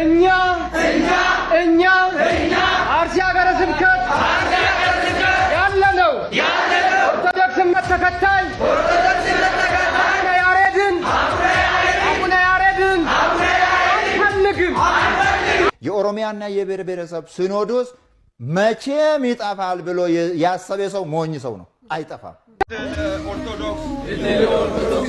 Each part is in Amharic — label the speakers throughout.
Speaker 1: እኛ
Speaker 2: እኛ እኛ
Speaker 1: እኛ አርሲ ሀገረ ስብከት ያለነው ኦርቶዶክስ እምነት ተከታይ አቡነ ያሬድን አቡነ ያሬድን አንፈልግም። የኦሮሚያና የብሔር ብሔረሰብ ሲኖዶስ መቼም ይጠፋል ብሎ ያሰበ ሰው ሞኝ ሰው ነው። አይጠፋም።
Speaker 2: ኦርቶዶክስ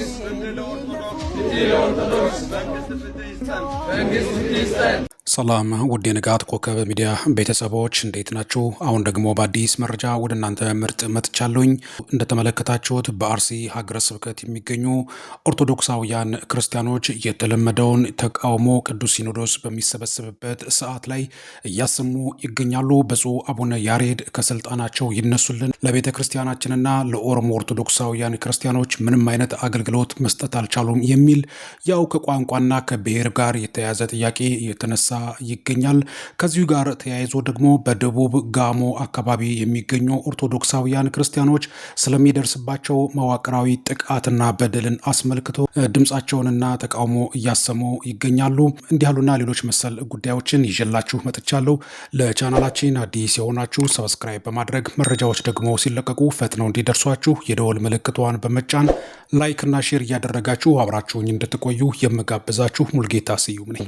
Speaker 1: ሰላም ውድ የንጋት ኮከብ ሚዲያ ቤተሰቦች እንዴት ናችሁ? አሁን ደግሞ በአዲስ መረጃ ወደ እናንተ ምርጥ መጥቻለሁኝ። እንደተመለከታችሁት በአርሲ ሀገረ ስብከት የሚገኙ ኦርቶዶክሳውያን ክርስቲያኖች የተለመደውን ተቃውሞ ቅዱስ ሲኖዶስ በሚሰበሰብበት ሰዓት ላይ እያሰሙ ይገኛሉ። ብፁዕ አቡነ ያሬድ ከስልጣናቸው ይነሱልን፣ ለቤተ ክርስቲያናችንና ለኦሮሞ ኦርቶዶክሳውያን ክርስቲያኖች ምንም አይነት አገልግሎት መስጠት አልቻሉም የሚል ያው ከቋንቋና ከብሔር ጋር የተያያዘ ጥያቄ እየተነሳ ይገኛል። ከዚሁ ጋር ተያይዞ ደግሞ በደቡብ ጋሞ አካባቢ የሚገኙ ኦርቶዶክሳውያን ክርስቲያኖች ስለሚደርስባቸው መዋቅራዊ ጥቃትና በደልን አስመልክቶ ድምፃቸውንና ተቃውሞ እያሰሙ ይገኛሉ። እንዲህ ያሉና ሌሎች መሰል ጉዳዮችን ይዤላችሁ መጥቻለሁ። ለቻናላችን አዲስ የሆናችሁ ሰብስክራይብ በማድረግ መረጃዎች ደግሞ ሲለቀቁ ፈጥነው እንዲደርሷችሁ የደወል ምልክቷን በመጫን ላይክ እና ሼር እያደረጋችሁ አብራችሁኝ እንድትቆዩ የምጋብዛችሁ ሙልጌታ ስዩም ነኝ።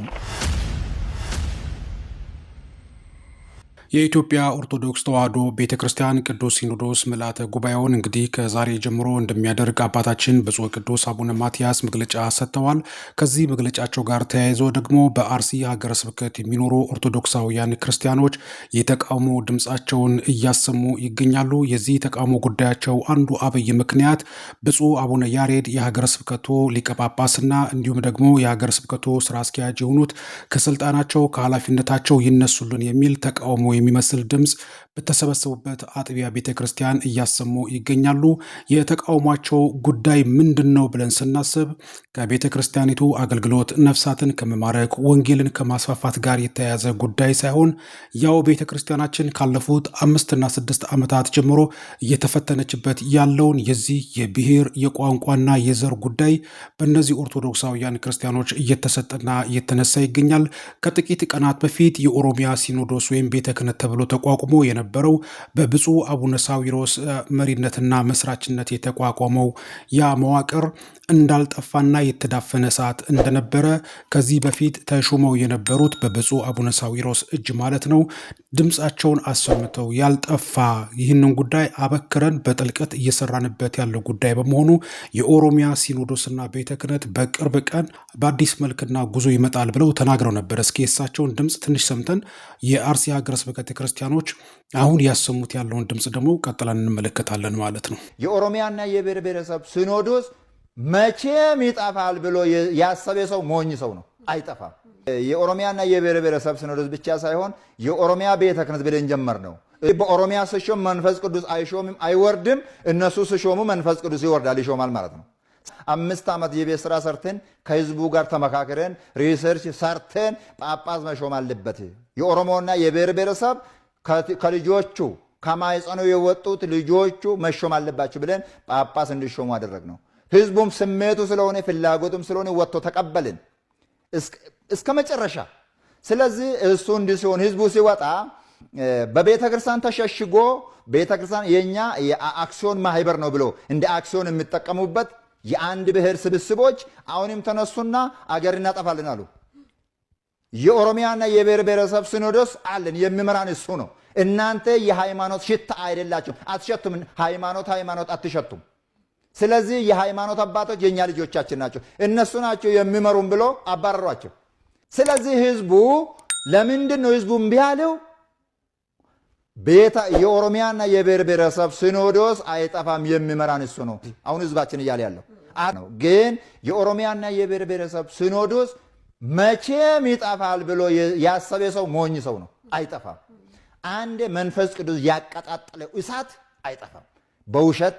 Speaker 1: የኢትዮጵያ ኦርቶዶክስ ተዋሕዶ ቤተ ክርስቲያን ቅዱስ ሲኖዶስ ምልዓተ ጉባኤውን እንግዲህ ከዛሬ ጀምሮ እንደሚያደርግ አባታችን ብፁዕ ቅዱስ አቡነ ማትያስ መግለጫ ሰጥተዋል። ከዚህ መግለጫቸው ጋር ተያይዞ ደግሞ በአርሲ ሀገረ ስብከት የሚኖሩ ኦርቶዶክሳውያን ክርስቲያኖች የተቃውሞ ድምፃቸውን እያሰሙ ይገኛሉ። የዚህ ተቃውሞ ጉዳያቸው አንዱ አብይ ምክንያት ብፁዕ አቡነ ያሬድ የሀገረ ስብከቱ ሊቀ ጳጳስና እንዲሁም ደግሞ የሀገረ ስብከቱ ስራ አስኪያጅ የሆኑት ከስልጣናቸው ከኃላፊነታቸው ይነሱልን የሚል ተቃውሞ የሚመስል ድምፅ በተሰበሰቡበት አጥቢያ ቤተ ክርስቲያን እያሰሙ ይገኛሉ። የተቃውሟቸው ጉዳይ ምንድን ነው ብለን ስናስብ ከቤተ ክርስቲያኒቱ አገልግሎት ነፍሳትን ከመማረክ ወንጌልን ከማስፋፋት ጋር የተያያዘ ጉዳይ ሳይሆን ያው ቤተ ክርስቲያናችን ካለፉት አምስትና ስድስት ዓመታት ጀምሮ እየተፈተነችበት ያለውን የዚህ የብሔር የቋንቋና የዘር ጉዳይ በእነዚህ ኦርቶዶክሳውያን ክርስቲያኖች እየተሰጠና እየተነሳ ይገኛል። ከጥቂት ቀናት በፊት የኦሮሚያ ሲኖዶስ ወይም ቤተ አማካሪነት ተብሎ ተቋቁሞ የነበረው በብፁዕ አቡነ ሳዊሮስ መሪነትና መስራችነት የተቋቋመው ያ መዋቅር እንዳልጠፋና የተዳፈነ ሰዓት እንደነበረ ከዚህ በፊት ተሹመው የነበሩት በብፁዕ አቡነ ሳዊሮስ እጅ ማለት ነው ድምፃቸውን አሰምተው ያልጠፋ ይህንን ጉዳይ አበክረን በጥልቀት እየሰራንበት ያለው ጉዳይ በመሆኑ የኦሮሚያ ሲኖዶስና ቤተ ክህነት በቅርብ ቀን በአዲስ መልክና ጉዞ ይመጣል ብለው ተናግረው ነበር። እስኪ የሳቸውን ድምፅ ትንሽ ሰምተን የአርሲ ሀገረ ስብከተ ክርስቲያኖች አሁን ያሰሙት ያለውን ድምፅ ደግሞ ቀጥለን እንመለከታለን ማለት ነው። የኦሮሚያና የብሔር ብሔረሰብ ሲኖዶስ መቼም ይጠፋል ብሎ ያሰበ ሰው ሞኝ ሰው ነው፣ አይጠፋም። የኦሮሚያና የብሔር ብሔረሰብ ሲኖዶስ ብቻ ሳይሆን የኦሮሚያ ቤተ ክህነት ብለን ጀመር ነው። በኦሮሚያ ስሾም መንፈስ ቅዱስ አይሾምም አይወርድም፣ እነሱ ስሾሙ መንፈስ ቅዱስ ይወርዳል ይሾማል ማለት ነው። አምስት ዓመት የቤት ስራ ሰርተን ከህዝቡ ጋር ተመካክረን ሪሰርች ሰርተን ጳጳስ መሾም አለበት። የኦሮሞና የብሔር ብሔረሰብ ከልጆቹ ከማይጸኑ የወጡት ልጆቹ መሾም አለባቸው ብለን ጳጳስ እንዲሾሙ አደረግ ነው። ህዝቡም ስሜቱ ስለሆነ ፍላጎቱም ስለሆነ ወጥቶ ተቀበልን እስከ መጨረሻ። ስለዚህ እሱ እንዲህ ሲሆን ህዝቡ ሲወጣ በቤተ ክርስቲያን ተሸሽጎ ቤተ ክርስቲያን የእኛ የአክሲዮን ማህበር ነው ብሎ እንደ አክሲዮን የሚጠቀሙበት የአንድ ብሔር ስብስቦች አሁንም ተነሱና አገር እናጠፋልን አሉ። የኦሮሚያና የብሔር ብሔረሰብ ሲኖዶስ አለን፣ የሚመራን እሱ ነው። እናንተ የሃይማኖት ሽታ አይደላችሁም፣ አትሸቱም። ሃይማኖት ሃይማኖት አትሸቱም። ስለዚህ የሃይማኖት አባቶች የእኛ ልጆቻችን ናቸው፣ እነሱ ናቸው የሚመሩን ብሎ አባረሯቸው። ስለዚህ ህዝቡ ለምንድን ነው ህዝቡ እምቢ ያለው? የኦሮሚያና የብሔር ብሔረሰብ ሲኖዶስ አይጠፋም፣ የሚመራን እሱ ነው። አሁን ህዝባችን እያለ ያለው ነው። ግን የኦሮሚያና የብሔር ብሔረሰብ ሲኖዶስ መቼም ይጠፋል ብሎ ያሰበ ሰው ሞኝ ሰው ነው። አይጠፋም። አንድ መንፈስ ቅዱስ ያቀጣጠለ እሳት አይጠፋም። በውሸት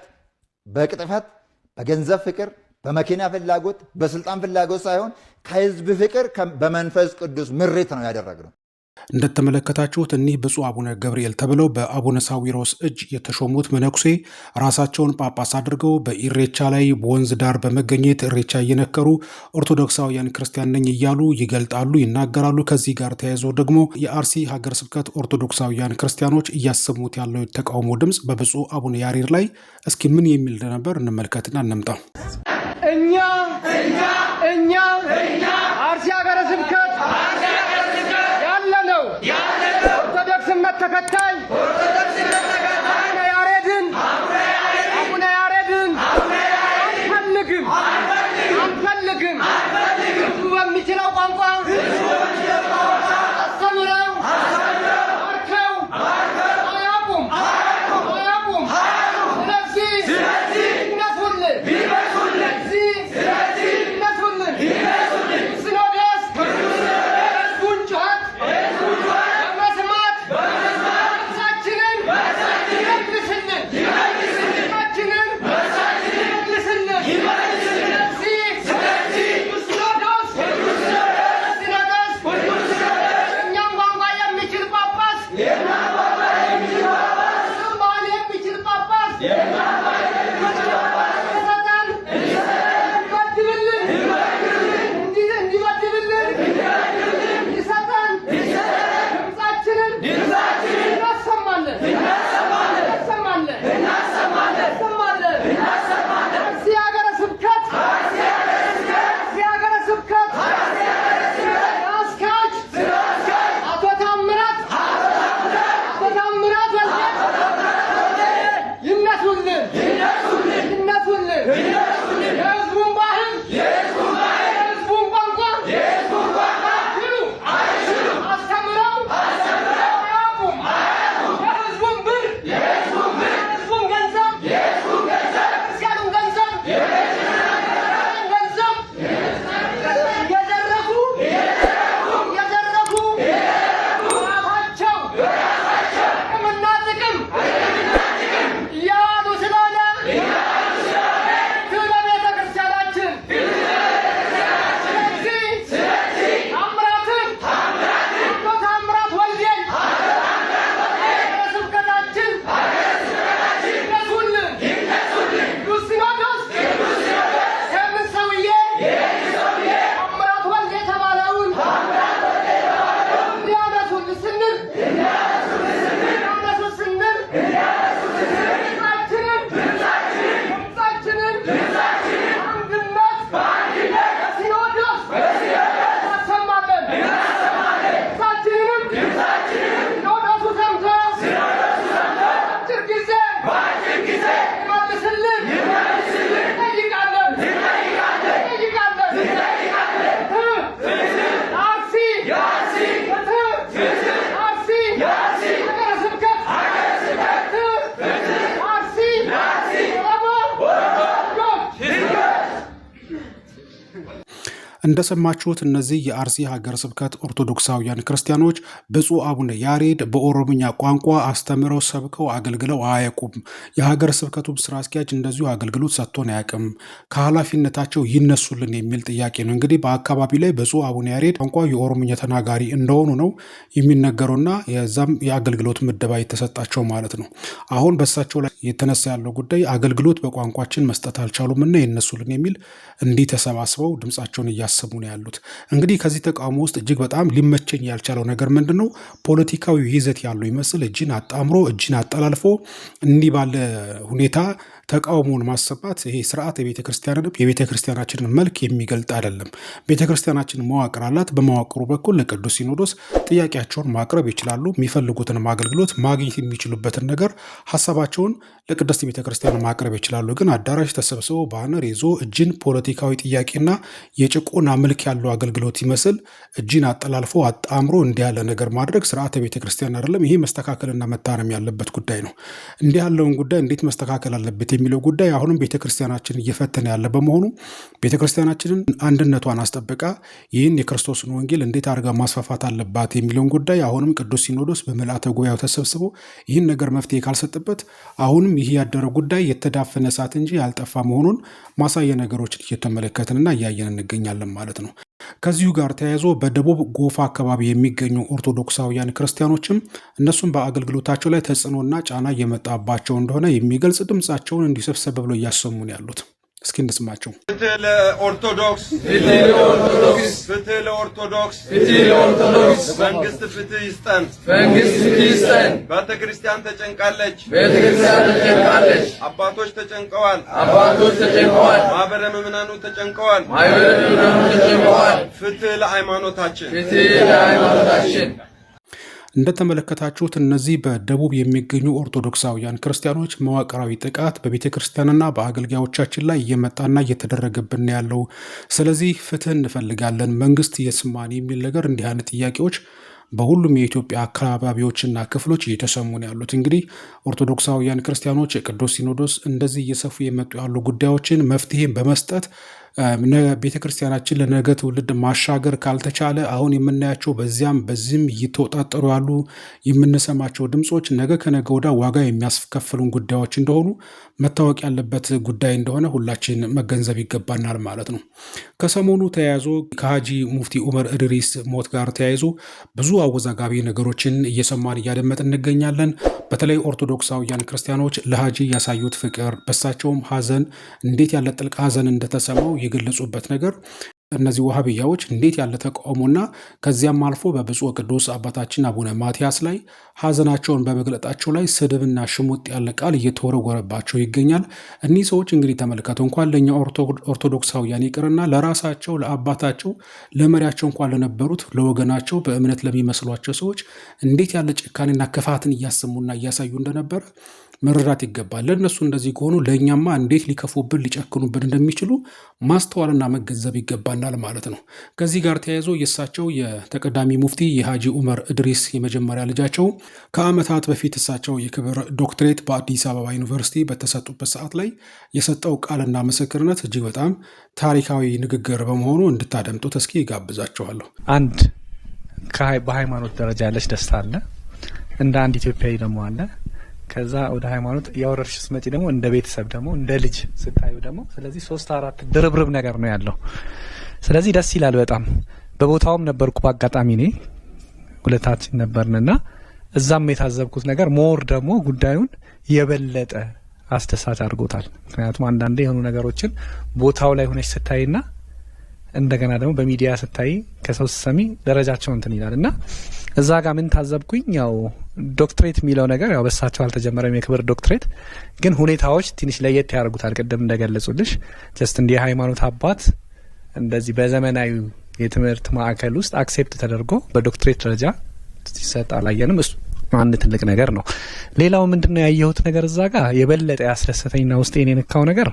Speaker 1: በቅጥፈት በገንዘብ ፍቅር በመኪና ፍላጎት በስልጣን ፍላጎት ሳይሆን ከህዝብ ፍቅር በመንፈስ ቅዱስ ምሪት ነው ያደረግነው። እንደተመለከታችሁት እኒህ ብፁዕ አቡነ ገብርኤል ተብለው በአቡነ ሳዊሮስ እጅ የተሾሙት መነኩሴ ራሳቸውን ጳጳስ አድርገው በኢሬቻ ላይ በወንዝ ዳር በመገኘት ኢሬቻ እየነከሩ ኦርቶዶክሳውያን ክርስቲያን ነኝ እያሉ ይገልጣሉ፣ ይናገራሉ። ከዚህ ጋር ተያይዞ ደግሞ የአርሲ ሀገረ ስብከት ኦርቶዶክሳውያን ክርስቲያኖች እያሰሙት ያለው ተቃውሞ ድምፅ በብፁዕ አቡነ ያሪር ላይ እስኪ ምን የሚል እንደነበር እንመልከትና እንምጣ እኛ እኛ கட்ட கட்டாய் እንደሰማችሁት እነዚህ የአርሲ ሀገር ስብከት ኦርቶዶክሳውያን ክርስቲያኖች ብፁዕ አቡነ ያሬድ በኦሮምኛ ቋንቋ አስተምረው ሰብከው አገልግለው አያውቁም። የሀገር ስብከቱም ስራ አስኪያጅ እንደዚሁ አገልግሎት ሰጥቶን አያውቅም። ከኃላፊነታቸው ይነሱልን የሚል ጥያቄ ነው። እንግዲህ በአካባቢ ላይ ብፁዕ አቡነ ያሬድ ቋንቋ የኦሮምኛ ተናጋሪ እንደሆኑ ነው የሚነገረውና የዛም የአገልግሎት ምደባ የተሰጣቸው ማለት ነው። አሁን በሳቸው ላይ የተነሳ ያለው ጉዳይ አገልግሎት በቋንቋችን መስጠት አልቻሉምና ይነሱልን የሚል እንዲህ ተሰባስበው ድምጻቸውን እያሰ እያሰቡ ነው ያሉት። እንግዲህ ከዚህ ተቃውሞ ውስጥ እጅግ በጣም ሊመቸኝ ያልቻለው ነገር ምንድን ነው? ፖለቲካዊ ይዘት ያለው ይመስል እጅን አጣምሮ እጅን አጠላልፎ እንዲህ ባለ ሁኔታ ተቃውሞውን ማሰማት ይሄ ስርዓት የቤተ ክርስቲያንንም የቤተ ክርስቲያናችንን መልክ የሚገልጥ አይደለም። ቤተ ክርስቲያናችን መዋቅር አላት። በመዋቅሩ በኩል ለቅዱስ ሲኖዶስ ጥያቄያቸውን ማቅረብ ይችላሉ። የሚፈልጉትንም አገልግሎት ማግኘት የሚችሉበትን ነገር ሀሳባቸውን ለቅድስት ቤተ ክርስቲያን ማቅረብ ይችላሉ። ግን አዳራሽ ተሰብስቦ ባነር ይዞ እጅን ፖለቲካዊ ጥያቄና የጭቆና መልክ ያለው አገልግሎት ይመስል እጅን አጠላልፎ አጣምሮ እንዲህ ያለ ነገር ማድረግ ስርዓተ ቤተ ክርስቲያን አይደለም። ይሄ መስተካከልና መታረም ያለበት ጉዳይ ነው። እንዲህ ያለውን ጉዳይ እንዴት መስተካከል አለበት የሚለው ጉዳይ አሁንም ቤተክርስቲያናችን እየፈተነ ያለ በመሆኑ ቤተክርስቲያናችንን አንድነቷን አስጠብቃ ይህን የክርስቶስን ወንጌል እንዴት አድርጋ ማስፋፋት አለባት የሚለውን ጉዳይ አሁንም ቅዱስ ሲኖዶስ በምልአተ ጉባኤው ተሰብስቦ ይህን ነገር መፍትሄ ካልሰጥበት አሁንም ይህ ያደረው ጉዳይ የተዳፈነ እሳት እንጂ ያልጠፋ መሆኑን ማሳየ ነገሮችን እየተመለከትንና እያየን እንገኛለን ማለት ነው። ከዚሁ ጋር ተያይዞ በደቡብ ጎፋ አካባቢ የሚገኙ ኦርቶዶክሳውያን ክርስቲያኖችም እነሱም በአገልግሎታቸው ላይ ተጽዕኖና ጫና እየመጣባቸው እንደሆነ የሚገልጽ ድምፃቸውን እንዲሰብሰብ ብሎ እያሰሙ ነው ያሉት። እስኪ እንስማቸው።
Speaker 2: ፍትህ ለኦርቶዶክስ፣ ፍትህ ለኦርቶዶክስ፣ መንግስት ፍትህ ይስጠን፣ መንግስት ፍትህ ይስጠን። ቤተ ክርስቲያን ተጨንቃለች፣ ቤተ ክርስቲያን ተጨንቃለች። አባቶች ተጨንቀዋል፣ አባቶች ተጨንቀዋል። ማህበረ ምዕመናኑ ተጨንቀዋል፣ ማህበረ ምዕመናኑ ተጨንቀዋል። ፍትህ ለሃይማኖታችን፣ ፍትህ ለሃይማኖታችን
Speaker 1: እንደተመለከታችሁት እነዚህ በደቡብ የሚገኙ ኦርቶዶክሳውያን ክርስቲያኖች መዋቅራዊ ጥቃት በቤተ ክርስቲያንና በአገልጋዮቻችን ላይ እየመጣና እየተደረገብን ያለው፣ ስለዚህ ፍትህ እንፈልጋለን፣ መንግስት የስማን የሚል ነገር እንዲህ አይነት ጥያቄዎች በሁሉም የኢትዮጵያ አካባቢዎችና ክፍሎች እየተሰሙ ነው ያሉት። እንግዲህ ኦርቶዶክሳውያን ክርስቲያኖች የቅዱስ ሲኖዶስ እንደዚህ እየሰፉ የመጡ ያሉ ጉዳዮችን መፍትሄን በመስጠት ቤተ ክርስቲያናችን ለነገ ትውልድ ማሻገር ካልተቻለ አሁን የምናያቸው በዚያም በዚህም እየተወጣጠሩ ያሉ የምንሰማቸው ድምፆች ነገ ከነገ ወዳ ዋጋ የሚያስከፍሉን ጉዳዮች እንደሆኑ መታወቅ ያለበት ጉዳይ እንደሆነ ሁላችን መገንዘብ ይገባናል ማለት ነው። ከሰሞኑ ተያይዞ ከሀጂ ሙፍቲ ኡመር እድሪስ ሞት ጋር ተያይዞ ብዙ አወዛጋቢ ነገሮችን እየሰማን እያደመጥ እንገኛለን። በተለይ ኦርቶዶክሳውያን ክርስቲያኖች ለሀጂ ያሳዩት ፍቅር፣ በሳቸውም ሀዘን እንዴት ያለ ጥልቅ ሀዘን እንደተሰማው የገለጹበት ነገር እነዚህ ውሃብያዎች እንዴት ያለ ተቃውሞና ከዚያም አልፎ በብፁዕ ቅዱስ አባታችን አቡነ ማትያስ ላይ ሀዘናቸውን በመግለጣቸው ላይ ስድብና ሽሙጥ ያለ ቃል እየተወረወረባቸው ይገኛል። እኒህ ሰዎች እንግዲህ ተመልከቱ፣ እንኳን ለእኛ ኦርቶዶክሳውያን ይቅርና ለራሳቸው ለአባታቸው ለመሪያቸው እንኳን ለነበሩት ለወገናቸው በእምነት ለሚመስሏቸው ሰዎች እንዴት ያለ ጭካኔና ክፋትን እያሰሙና እያሳዩ እንደነበረ መረዳት ይገባል። ለእነሱ እንደዚህ ከሆኑ ለእኛማ እንዴት ሊከፉብን ሊጨክኑብን እንደሚችሉ ማስተዋልና መገንዘብ ይገባናል ማለት ነው። ከዚህ ጋር ተያይዞ የእሳቸው የተቀዳሚ ሙፍቲ የሀጂ ኡመር እድሪስ የመጀመሪያ ልጃቸው ከዓመታት በፊት እሳቸው የክብር ዶክትሬት በአዲስ አበባ ዩኒቨርሲቲ በተሰጡበት ሰዓት ላይ የሰጠው ቃልና ምስክርነት እጅግ በጣም ታሪካዊ ንግግር በመሆኑ እንድታደምጡት እስኪ ይጋብዛቸዋለሁ። አንድ በሃይማኖት ደረጃ ያለች ደስታ አለ፣ እንደ አንድ ኢትዮጵያዊ ደግሞ አለ ከዛ ወደ ሃይማኖት ያወረርሽ ስትመጪ ደግሞ እንደ ቤተሰብ ደግሞ እንደ ልጅ ስታዩ ደግሞ ስለዚህ ሶስት አራት ድርብርብ ነገር ነው ያለው። ስለዚህ ደስ ይላል በጣም በቦታውም ነበርኩ በአጋጣሚ እኔ ሁለታችን ነበርንና እዛም የታዘብኩት ነገር ሞር ደግሞ ጉዳዩን የበለጠ አስደሳች አድርጎታል። ምክንያቱም አንዳንዴ የሆኑ ነገሮችን ቦታው ላይ ሆነች ስታይና እንደገና ደግሞ በሚዲያ ስታይ ከሰው ስሰሚ ደረጃቸው እንትን ይላል እና እዛ ጋር ምን ታዘብኩኝ ያው ዶክትሬት የሚለው ነገር ያው በሳቸው አልተጀመረም የክብር ዶክትሬት፣ ግን ሁኔታዎች ትንሽ ለየት ያደርጉታል። ቅድም እንደገለጹልሽ ጀስት እንደ የሃይማኖት አባት እንደዚህ በዘመናዊ የትምህርት ማዕከል ውስጥ አክሴፕት ተደርጎ በዶክትሬት ደረጃ ሲሰጥ አላየንም። እሱ አንድ ትልቅ ነገር ነው። ሌላው ምንድን ነው ያየሁት ነገር እዛ ጋር የበለጠ ያስደሰተኝና ውስጤን የነካው ነገር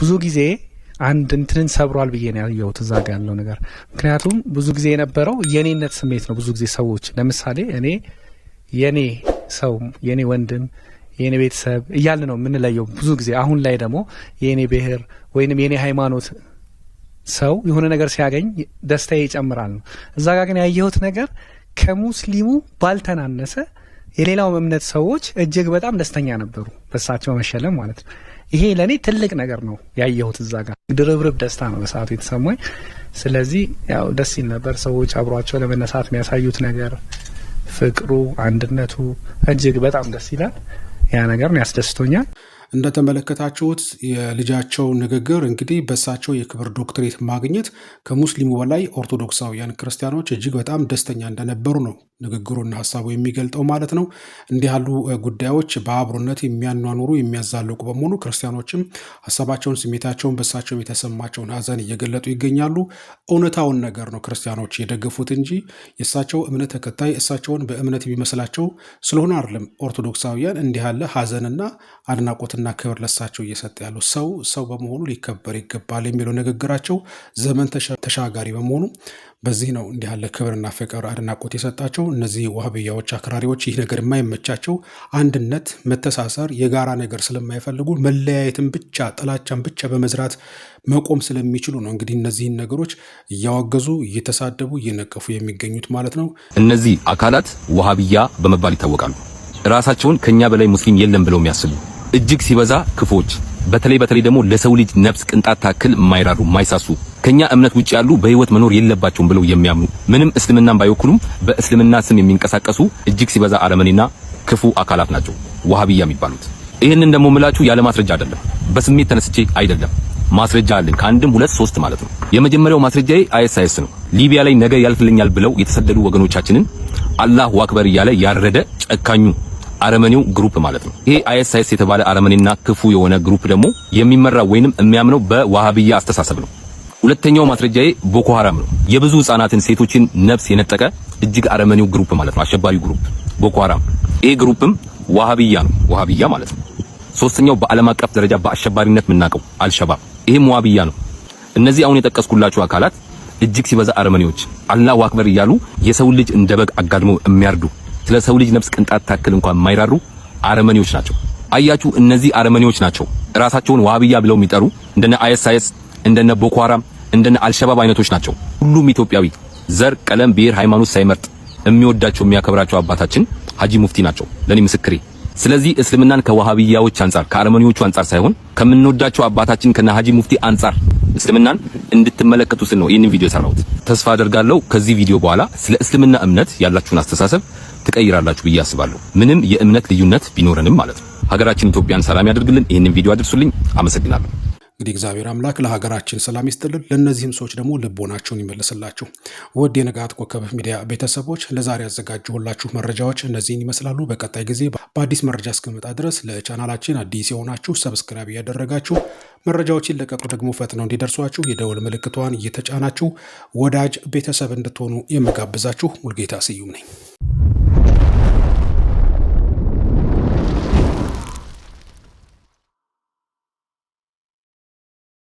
Speaker 1: ብዙ ጊዜ አንድ እንትንን ሰብሯል ብዬ ነው ያየሁት እዛ ጋ ያለው ነገር። ምክንያቱም ብዙ ጊዜ የነበረው የኔነት ስሜት ነው። ብዙ ጊዜ ሰዎች ለምሳሌ እኔ የኔ ሰው የኔ ወንድም የኔ ቤተሰብ እያል ነው የምንለየው። ብዙ ጊዜ አሁን ላይ ደግሞ የኔ ብሔር ወይንም የኔ ሃይማኖት ሰው የሆነ ነገር ሲያገኝ ደስታዬ ይጨምራል ነው። እዛ ጋር ግን ያየሁት ነገር ከሙስሊሙ ባልተናነሰ የሌላው እምነት ሰዎች እጅግ በጣም ደስተኛ ነበሩ፣ በሳቸው መሸለም ማለት ነው። ይሄ ለእኔ ትልቅ ነገር ነው ያየሁት እዛ ጋር ድርብርብ ደስታ ነው በሰዓቱ የተሰማኝ። ስለዚህ ያው ደስ ይል ነበር ሰዎች አብሯቸው ለመነሳት የሚያሳዩት ነገር ፍቅሩ፣ አንድነቱ እጅግ በጣም ደስ ይላል። ያ ነገር ያስደስቶኛል። እንደተመለከታችሁት የልጃቸው ንግግር እንግዲህ በእሳቸው የክብር ዶክትሬት ማግኘት ከሙስሊሙ በላይ ኦርቶዶክሳውያን ክርስቲያኖች እጅግ በጣም ደስተኛ እንደነበሩ ነው ንግግሩና ሀሳቡ የሚገልጠው ማለት ነው። እንዲህ ያሉ ጉዳዮች በአብሮነት የሚያኗኑሩ የሚያዛልቁ በመሆኑ ክርስቲያኖችም ሀሳባቸውን፣ ስሜታቸውን በእሳቸው የተሰማቸውን ሀዘን እየገለጡ ይገኛሉ። እውነታውን ነገር ነው ክርስቲያኖች የደገፉት እንጂ የእሳቸው እምነት ተከታይ እሳቸውን በእምነት የሚመስላቸው ስለሆነ አይደለም። ኦርቶዶክሳውያን እንዲህ ያለ ሀዘንና አድናቆትና ክብር ለሳቸው እየሰጠ ያሉ ሰው ሰው በመሆኑ ሊከበር ይገባል የሚለው ንግግራቸው ዘመን ተሻጋሪ በመሆኑ በዚህ ነው እንዲህ ያለ ክብርና ፍቅር አድናቆት የሰጣቸው። እነዚህ ዋህብያዎች አክራሪዎች ይህ ነገር የማይመቻቸው አንድነት፣ መተሳሰር፣ የጋራ ነገር ስለማይፈልጉ መለያየትን ብቻ ጥላቻን ብቻ በመዝራት መቆም ስለሚችሉ ነው እንግዲህ እነዚህን ነገሮች እያወገዙ እየተሳደቡ እየነቀፉ የሚገኙት ማለት ነው። እነዚህ አካላት ዋሃብያ በመባል ይታወቃሉ። ራሳቸውን ከኛ በላይ ሙስሊም የለም ብለው የሚያስቡ እጅግ ሲበዛ ክፎች በተለይ በተለይ ደግሞ ለሰው ልጅ ነፍስ ቅንጣት ታክል ማይራሩ ማይሳሱ ከኛ እምነት ውጭ ያሉ በህይወት መኖር የለባቸውም ብለው የሚያምኑ ምንም እስልምናን ባይወክሉም በእስልምና ስም የሚንቀሳቀሱ እጅግ ሲበዛ አረመኔና ክፉ አካላት ናቸው ዋሃብያ የሚባሉት። ይህንን ደግሞ ምላችሁ ያለ ማስረጃ አይደለም፣ በስሜት ተነስቼ አይደለም። ማስረጃ አለኝ ከአንድም ሁለት ሶስት ማለት ነው። የመጀመሪያው ማስረጃዬ አይኤስአይኤስ ነው። ሊቢያ ላይ ነገ ያልፍልኛል ብለው የተሰደዱ ወገኖቻችንን አላሁ አክበር እያለ ያረደ ጨካኙ አረመኔው ግሩፕ ማለት ነው። ይሄ አይኤስአይኤስ የተባለ አረመኔና ክፉ የሆነ ግሩፕ ደግሞ የሚመራ ወይንም የሚያምነው በዋሃብያ አስተሳሰብ ነው። ሁለተኛው ማስረጃዬ ቦኮ ሀራም ነው። የብዙ ህጻናትን፣ ሴቶችን ነፍስ የነጠቀ እጅግ አረመኔው ግሩፕ ማለት ነው። አሸባሪው ግሩፕ ቦኮ ሀራም። ይሄ ግሩፕም ዋሃብያ ነው፣ ዋሃብያ ማለት ነው። ሶስተኛው በዓለም አቀፍ ደረጃ በአሸባሪነት የምናውቀው አልሸባብ፣ ይሄም ዋሃብያ ነው። እነዚህ አሁን የጠቀስኩላችሁ አካላት እጅግ ሲበዛ አረመኔዎች አላሁ አክበር እያሉ የሰው ልጅ እንደ በግ አጋድመው የሚያርዱ ስለ ሰው ልጅ ነፍስ ቅንጣት ታክል እንኳን የማይራሩ አረመኔዎች ናቸው። አያችሁ፣ እነዚህ አረመኔዎች ናቸው ራሳቸውን ዋሃብያ ብለው የሚጠሩ እንደነ አይኤስአይኤስ እንደነ ቦኮ ሃራም እንደነ አልሸባብ አይነቶች ናቸው። ሁሉም ኢትዮጵያዊ ዘር፣ ቀለም፣ ብሔር፣ ሃይማኖት ሳይመርጥ የሚወዳቸው የሚያከብራቸው አባታችን ሀጂ ሙፍቲ ናቸው ለኔ ምስክሬ። ስለዚህ እስልምናን ከዋሃብያዎች አንጻር ከአረመኔዎቹ አንጻር ሳይሆን ከምንወዳቸው አባታችን ከነ ሀጂ ሙፍቲ አንጻር እስልምናን እንድትመለከቱ ስል ነው ይህንን ቪዲዮ የሰራሁት። ተስፋ አደርጋለሁ ከዚህ ቪዲዮ በኋላ ስለ እስልምና እምነት ያላችሁን አስተሳሰብ ትቀይራላችሁ ብዬ አስባለሁ። ምንም የእምነት ልዩነት ቢኖረንም ማለት ነው። ሀገራችን ኢትዮጵያን ሰላም ያደርግልን። ይህንን ቪዲዮ አድርሱልኝ። አመሰግናለሁ። እንግዲህ እግዚአብሔር አምላክ ለሀገራችን ሰላም ይስጥልን፣ ለእነዚህም ሰዎች ደግሞ ልቦናቸውን ይመልስላችሁ። ውድ የንጋት ኮከብ ሚዲያ ቤተሰቦች ለዛሬ ያዘጋጀሁላችሁ መረጃዎች እነዚህን ይመስላሉ። በቀጣይ ጊዜ በአዲስ መረጃ እስክመጣ ድረስ ለቻናላችን አዲስ የሆናችሁ ሰብስክራይብ እያደረጋችሁ መረጃዎችን ለቀቁ ደግሞ ፈጥነው እንዲደርሷችሁ የደወል ምልክቷን እየተጫናችሁ ወዳጅ ቤተሰብ እንድትሆኑ የምጋብዛችሁ ሙልጌታ ስዩም ነኝ።